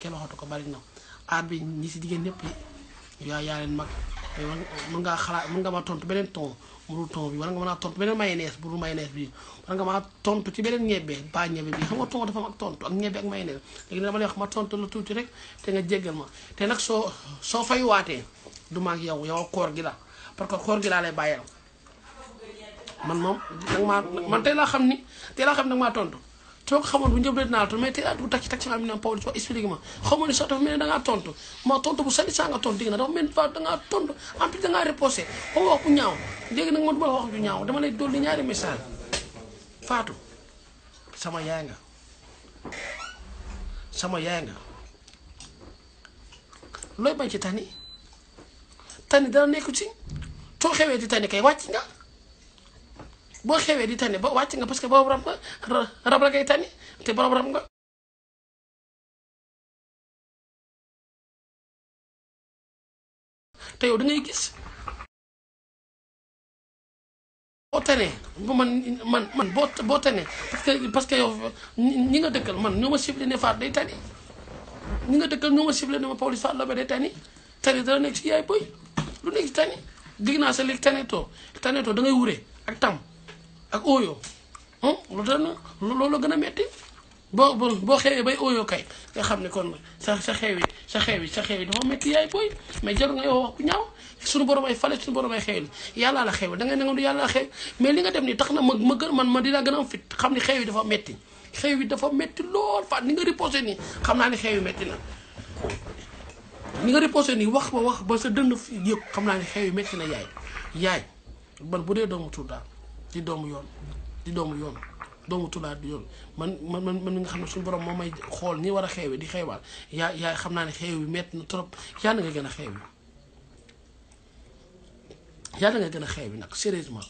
kenn waxatu ko bari na aar bi ñi si jigéen ñëpp yaa yaa leen mag mun ngaa xalaat mën nga ma tontu beneen ton bu dul ton bi wala nga mën a tontu beneen mayonnaise bu dul mayonnaise bi wala nga mën tontu ci beneen ñebe ba ñebe bi xam nga ton dafa am tontu ak ñebe ak mayonnaise léegi dama lay wax ma tontu la tuuti rek te nga jéggal ma te nag soo soo fay waatee du ma ak yow a koor gi la parce que koor gi laa lay bàyyal man moom nag laa xam ni te laa xam ne maa tontu. soo ko xamoon bu njëblee dinaa tontu mais tey bu takk ci takk ci xam ne Pawlish wax expliqué ma xaw ma ne sax dafa mel ne da ngaa tontu ma tontu bu sali saa nga tontu dégg na dafa mel ne da ngaa tontu en plus da ngaa reposé ba wax bu ñaaw léegi nag man du ma la wax ju ñaaw dama lay dolli ñaari message Fatou sama yaay nga sama yaay nga looy bañ ci tani tani dara nekku ci soo xewee di tani kay wàcc nga. boo xewee di tane ba wàcc nga parce que boobu rab nga rab la ngay tane te yow da gis boo tanee bu man man boo boo tanee parce que yow ñi nga dëkkal man ñoo ma ciblé ne Fatou day tani ñi nga dëkkal ñoo ma ciblé ne ma Pawlish Fatou Laobé day tani tani dana nekk ci yaay boy lu nekk ci tani dégg naa sa léegi tanetoo tanetoo da wure ak tam ak ooyo lu tax loolu gën a metti boo boo boo xeewee bay ooyo kay nga xam ne kon sa sa xeewi sa xeewi sa yi dafa metti yaay booy mais jarul nga wax ñaaw suñu borom ay fale suñu borom ay xeewil yàllaa la xeewil da ngay nangu yàllaa la mais li nga dem nii tax na ma ma gën man ma dinaa gën a am fit xam ne xeewi dafa metti xeewi dafa metti lool fa ni nga reposé nii xam naa ne xeewi metti na ni nga reposé nii wax ba wax ba sa dënn yëpp xam naa ne xeewi metti na yaay yaay man bu dee doomu tuur daal di doomu yoon di doomu yoon doomu tulaat di yoon man man man man mi nga xam ne suñu borom moo may xool ni war a xeewee di xeewaal yaa yaa xam naa ne xeew bi metti na trop yaa na gën a xeew bi na nga gën a xeew bi nag sérieusement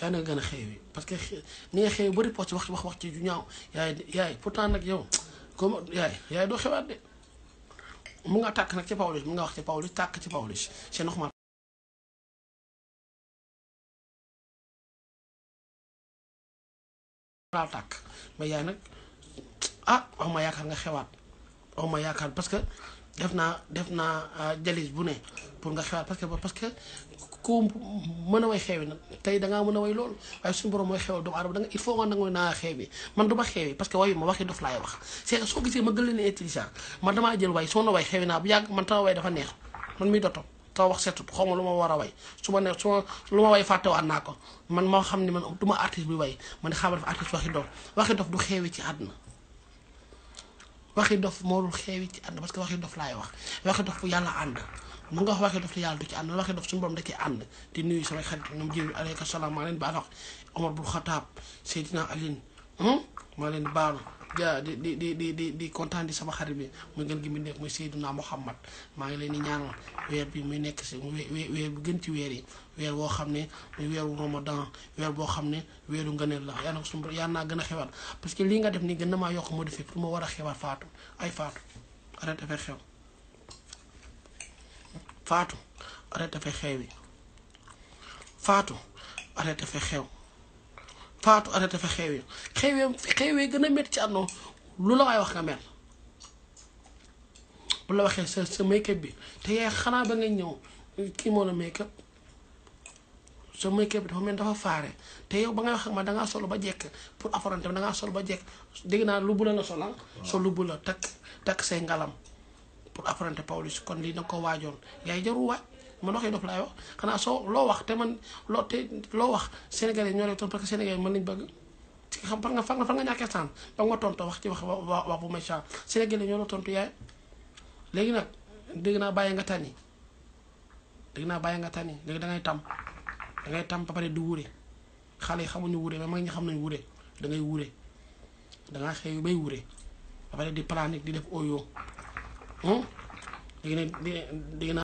yaa na nga gën a xeew bi parce que ni nga xeew bari post wax wax wax ci ju ñaaw yaay yaay pourtant nag yow comme yaay yaay doo xewaat de mu nga tàkk nag ci Pawlish mu nga wax ci Pawlish tàkk ci Pawlish c'est normal daal tàkk mais yaay nag ah nga xewaat ma yaakaar parce que def naa def naa jalis euh, bu ne pour nga xewaat parce que parce que ku mën a way xeewi nag tey da ngaa mën a way loolu waaye suñu mooy xewal doomu aadama da nga il faut nga man du ma xeewi que wayu ma waxi dof laay wax c'est que soo gisee ma gën leen intelligent man damaa jël way soo na way xeewi naa bu yàgg man a way dafa neex man miy dotom te wax seetut xaw ma lu ma war a way su ma ne su ma lu ma way fàttewaat naa ko man moo xam ne man du ma artiste bi way man xaamal dafa artiste waxi dof waxi dof du xeewi ci àdduna waxi dof moo dul ci àdduna parce que waxi dof laay wax waxi bu yàlla ànd mu nga wax waxi dof te yàlla du ci ànd waxi dof suñu borom da ci ànd di nuyu samay xarit ñoom jiw aleyka salaam maa leen wax Omar bul Xataab Seydina Aline Hmm? maa leen baalu ja di di di di di di kontaan di sama xarit bi muy gën gi mu nekk muy Seydina Muhammad maa ngi leen di ñaanal weer bi muy nekk si weer bu gën ci weer yi weer woo xam ne muy weeru Ramadan weer boo xam ne weeru ngëneel la yal na ko suñu yal naa gën a xewaat parce que lii nga def nii gën na maa yokk moo defee pour ma war a xewaat faatu ay faatu arrêté fay xew faatu arrêté fay xew yi xew. faatu arrêté dafa xew yi xew gën a métti ci àdduna lu la waay wax nga mel bu la waxee sa sa make up bi te yaay xanaa ba ngay ñëw kii moo la make up sa make up bi dafa mel faare te yow ba ngay wax ak ma dangaa solo ba jekk pour affronter dangaa solo ba jekk dégg naa lu bula la sol sol lu bula takk takk say ngalam pour affronter Pawlish lii danga ko waajoon yaay jaru waaj man waxee dof laay wax xanaa soo loo wax te man loo te loo wax Sénégalais ñoo lay tontu parce que Sénégalais mën nañ bëgg ci xam fan nga fan nga fan nga ñàkkee sànq da nga tontu wax ci wax wax bu méchant Sénégalais ñoo la tontu yaay léegi nag dégg naa bàyyi nga tànni dégg naa bàyyi nga tànni léegi da ngay tam da ngay tam ba pare di wuure xale yi xamuñu wuure mais mag ñi xam nañ wuure da ngay wuure da ngaa xëy bay wuure ba pare di planique di def oyo hmm? léegi nag